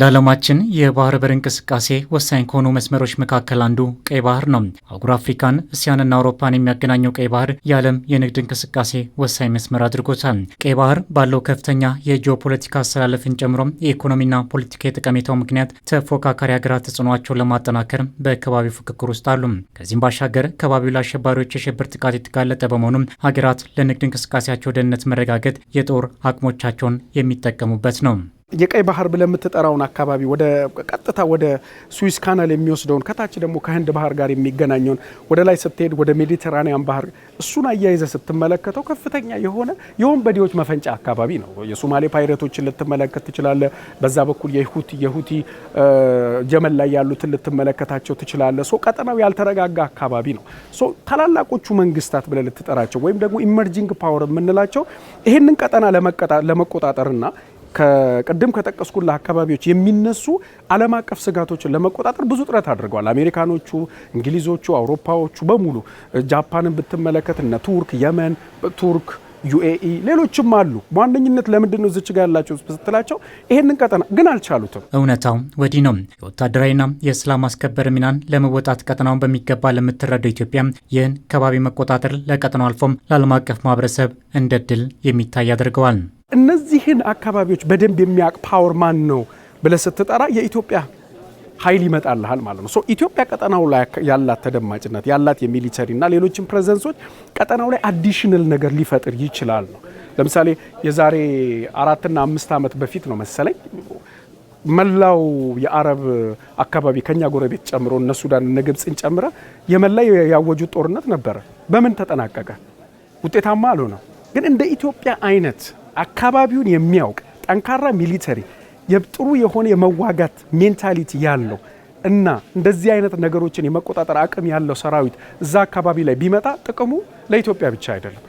ለዓለማችን የባህር በር እንቅስቃሴ ወሳኝ ከሆኑ መስመሮች መካከል አንዱ ቀይ ባህር ነው። አህጉር አፍሪካን፣ እስያንና አውሮፓን የሚያገናኘው ቀይ ባህር የዓለም የንግድ እንቅስቃሴ ወሳኝ መስመር አድርጎታል። ቀይ ባህር ባለው ከፍተኛ የጂኦፖለቲካ አስተላለፍን ጨምሮ የኢኮኖሚና ፖለቲካ የጠቀሜታው ምክንያት ተፎካካሪ ሀገራት ተጽዕኖቸውን ለማጠናከር በከባቢው ፉክክር ውስጥ አሉ። ከዚህም ባሻገር ከባቢው ለአሸባሪዎች የሽብር ጥቃት የተጋለጠ በመሆኑም ሀገራት ለንግድ እንቅስቃሴያቸው ደህንነት መረጋገጥ የጦር አቅሞቻቸውን የሚጠቀሙበት ነው። የቀይ ባህር ብለምትጠራውን የምትጠራውን አካባቢ ወደ ቀጥታ ወደ ስዊስ ካናል የሚወስደውን ከታች ደግሞ ከህንድ ባህር ጋር የሚገናኘውን ወደ ላይ ስትሄድ ወደ ሜዲተራኒያን ባህር እሱን አያይዘ ስትመለከተው ከፍተኛ የሆነ የወንበዴዎች መፈንጫ አካባቢ ነው። የሶማሌ ፓይረቶችን ልትመለከት ትችላለ በዛ በኩል የሁቲ የሁቲ ጀመል ላይ ያሉትን ልትመለከታቸው ትችላለ። ሶ ቀጠናው ያልተረጋጋ አካባቢ ነው። ሶ ታላላቆቹ መንግስታት ብለ ልትጠራቸው ወይም ደግሞ ኢመርጂንግ ፓወር የምንላቸው ይህንን ቀጠና ለመቆጣጠርና ከቅድም ከጠቀስኩላ አካባቢዎች የሚነሱ ዓለም አቀፍ ስጋቶችን ለመቆጣጠር ብዙ ጥረት አድርገዋል። አሜሪካኖቹ፣ እንግሊዞቹ፣ አውሮፓዎቹ በሙሉ ጃፓንን ብትመለከት እነ ቱርክ፣ የመን፣ ቱርክ ዩኤኢ ሌሎችም አሉ። በዋነኝነት ለምንድን ነው እዚች ጋር ያላቸው ስትላቸው ይሄንን ቀጠና ግን አልቻሉትም። እውነታው ወዲህ ነው። የወታደራዊና የሰላም ማስከበር ሚናን ለመወጣት ቀጠናውን በሚገባ ለምትረዳው ኢትዮጵያ ይህን ከባቢ መቆጣጠር ለቀጠናው አልፎም ለዓለም አቀፍ ማህበረሰብ እንደ ድል የሚታይ አድርገዋል። እነዚህን አካባቢዎች በደንብ የሚያውቅ ፓወር ማን ነው ብለህ ስትጠራ የኢትዮጵያ ኃይል ይመጣልሃል ማለት ነው። ኢትዮጵያ ቀጠናው ላይ ያላት ተደማጭነት ያላት የሚሊተሪ እና ሌሎችን ፕሬዘንሶች ቀጠናው ላይ አዲሽናል ነገር ሊፈጥር ይችላል ነው። ለምሳሌ የዛሬ አራትና አምስት ዓመት በፊት ነው መሰለኝ መላው የአረብ አካባቢ ከኛ ጎረቤት ጨምሮ እነ ሱዳን እነ ግብፅን ጨምረ የመላ ያወጁት ጦርነት ነበረ። በምን ተጠናቀቀ? ውጤታማ አልሆነም። ግን እንደ ኢትዮጵያ አይነት አካባቢውን የሚያውቅ ጠንካራ ሚሊተሪ ጥሩ የሆነ የመዋጋት ሜንታሊቲ ያለው እና እንደዚህ አይነት ነገሮችን የመቆጣጠር አቅም ያለው ሰራዊት እዛ አካባቢ ላይ ቢመጣ ጥቅሙ ለኢትዮጵያ ብቻ አይደለም።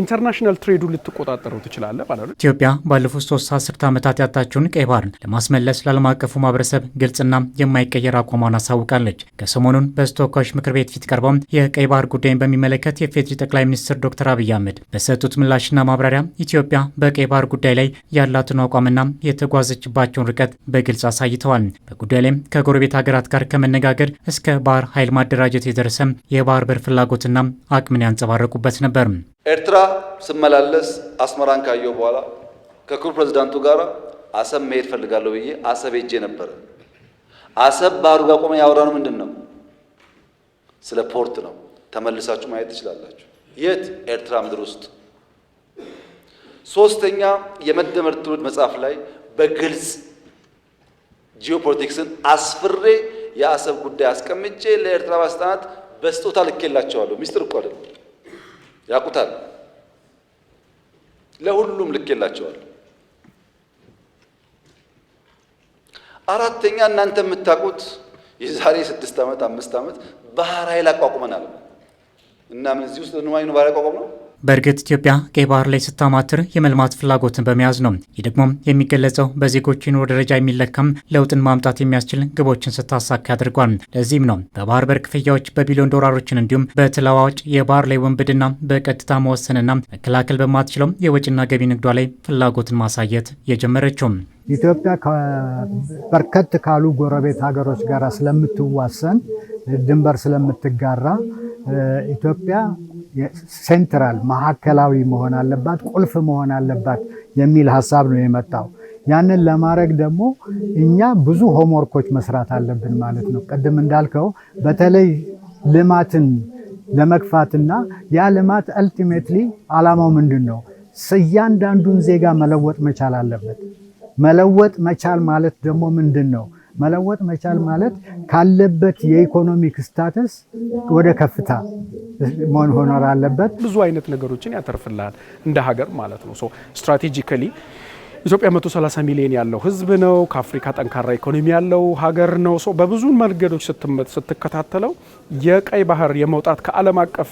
ኢንተርናሽናል ትሬዱ ልትቆጣጠረው ትችላለ ማለት ነው። ኢትዮጵያ ባለፉት ሶስት አስርተ ዓመታት ያጣችውን ቀይ ባህርን ለማስመለስ ለዓለም አቀፉ ማህበረሰብ ግልጽና የማይቀየር አቋሟን አሳውቃለች። ከሰሞኑን በተወካዮች ምክር ቤት ፊት ቀርበው የቀይ ባህር ጉዳይን በሚመለከት የፌዴሪ ጠቅላይ ሚኒስትር ዶክተር አብይ አህመድ በሰጡት ምላሽና ማብራሪያ ኢትዮጵያ በቀይ ባህር ጉዳይ ላይ ያላትን አቋምና የተጓዘችባቸውን ርቀት በግልጽ አሳይተዋል። በጉዳይ ላይም ከጎረቤት ሀገራት ጋር ከመነጋገር እስከ ባህር ኃይል ማደራጀት የደረሰም የባህር በር ፍላጎትና አቅምን ያንጸባረቁበት ነበር። ኤርትራ ስመላለስ አስመራን ካየሁ በኋላ ከክቡር ፕሬዚዳንቱ ጋር አሰብ መሄድ ፈልጋለሁ ብዬ አሰብ ሄጄ ነበረ። አሰብ ባህሩ ጋር ቆመ ያወራነው ምንድን ነው? ስለ ፖርት ነው። ተመልሳችሁ ማየት ትችላላችሁ። የት? ኤርትራ ምድር ውስጥ። ሶስተኛ የመደመር ትውልድ መጽሐፍ ላይ በግልጽ ጂኦፖለቲክስን አስፍሬ የአሰብ ጉዳይ አስቀምጬ ለኤርትራ ባለስልጣናት በስጦታ ልኬላቸዋለሁ። ሚስጥር እኮ አይደለም። ያውቁታል። ለሁሉም ልክ የላቸዋል። አራተኛ እናንተ የምታውቁት የዛሬ ስድስት ዓመት አምስት ዓመት ባህር ኃይል አቋቁመናል እና ምን እዚህ ውስጥ ንማኝ ነው ባህር ኃይል በእርግጥ ኢትዮጵያ ቀይ ባህር ላይ ስታማትር የመልማት ፍላጎትን በመያዝ ነው። ይህ ደግሞ የሚገለጸው በዜጎች የኑሮ ደረጃ የሚለካም ለውጥን ማምጣት የሚያስችል ግቦችን ስታሳካ አድርጓል። ለዚህም ነው በባህር በር ክፍያዎች በቢሊዮን ዶላሮችን እንዲሁም በተለዋዋጭ የባህር ላይ ወንብድና በቀጥታ መወሰንና መከላከል በማትችለው የወጪና ገቢ ንግዷ ላይ ፍላጎትን ማሳየት የጀመረችው ኢትዮጵያ በርከት ካሉ ጎረቤት ሀገሮች ጋር ስለምትዋሰን ድንበር ስለምትጋራ ኢትዮጵያ ሴንትራል ማዕከላዊ መሆን አለባት፣ ቁልፍ መሆን አለባት የሚል ሀሳብ ነው የመጣው። ያንን ለማድረግ ደግሞ እኛ ብዙ ሆምወርኮች መስራት አለብን ማለት ነው። ቅድም እንዳልከው በተለይ ልማትን ለመግፋትና ያ ልማት አልቲሜትሊ አላማው ምንድን ነው? እያንዳንዱን ዜጋ መለወጥ መቻል አለበት። መለወጥ መቻል ማለት ደግሞ ምንድን ነው? መለወጥ መቻል ማለት ካለበት የኢኮኖሚክ ስታተስ ወደ ከፍታ መሆኖር አለበት። ብዙ አይነት ነገሮችን ያተርፍልሃል እንደ ሀገር ማለት ነው። ስትራቴጂካሊ ኢትዮጵያ 130 ሚሊዮን ያለው ህዝብ ነው። ከአፍሪካ ጠንካራ ኢኮኖሚ ያለው ሀገር ነው። በብዙ መንገዶች ስትከታተለው የቀይ ባህር የመውጣት ከዓለም አቀፍ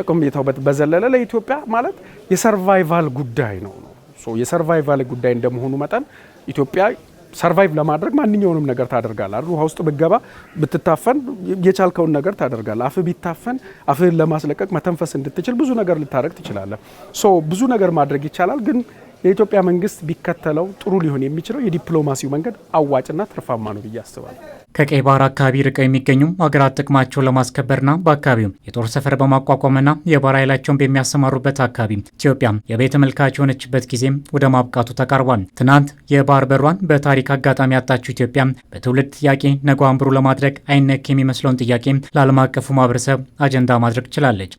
ጥቅም የተውበት በዘለለ ለኢትዮጵያ ማለት የሰርቫይቫል ጉዳይ ነው ነው የሰርቫይቫል ጉዳይ እንደመሆኑ መጠን ኢትዮጵያ ሰርቫይቭ ለማድረግ ማንኛውንም ነገር ታደርጋል አይደል? ውሃ ውስጥ ብገባ ብትታፈን የቻልከውን ነገር ታደርጋል። አፍ ቢታፈን አፍህን ለማስለቀቅ መተንፈስ እንድትችል ብዙ ነገር ልታደረግ ትችላለህ። ሶ ብዙ ነገር ማድረግ ይቻላል። ግን የኢትዮጵያ መንግስት ቢከተለው ጥሩ ሊሆን የሚችለው የዲፕሎማሲው መንገድ አዋጭና ትርፋማ ነው ብዬ አስባለሁ። ከቀይ ባህር አካባቢ ርቀው የሚገኙ ሀገራት ጥቅማቸውን ለማስከበርና በአካባቢው የጦር ሰፈር በማቋቋምና የባህር ኃይላቸውን በሚያሰማሩበት አካባቢ ኢትዮጵያ የቤተ ተመልካች የሆነችበት ጊዜም ወደ ማብቃቱ ተቃርቧል። ትናንት የባህር በሯን በታሪክ አጋጣሚ ያጣችው ኢትዮጵያ በትውልድ ጥያቄ አንብሮ ለማድረግ አይነክ የሚመስለውን ጥያቄ ለዓለም አቀፉ ማህበረሰብ አጀንዳ ማድረግ ችላለች።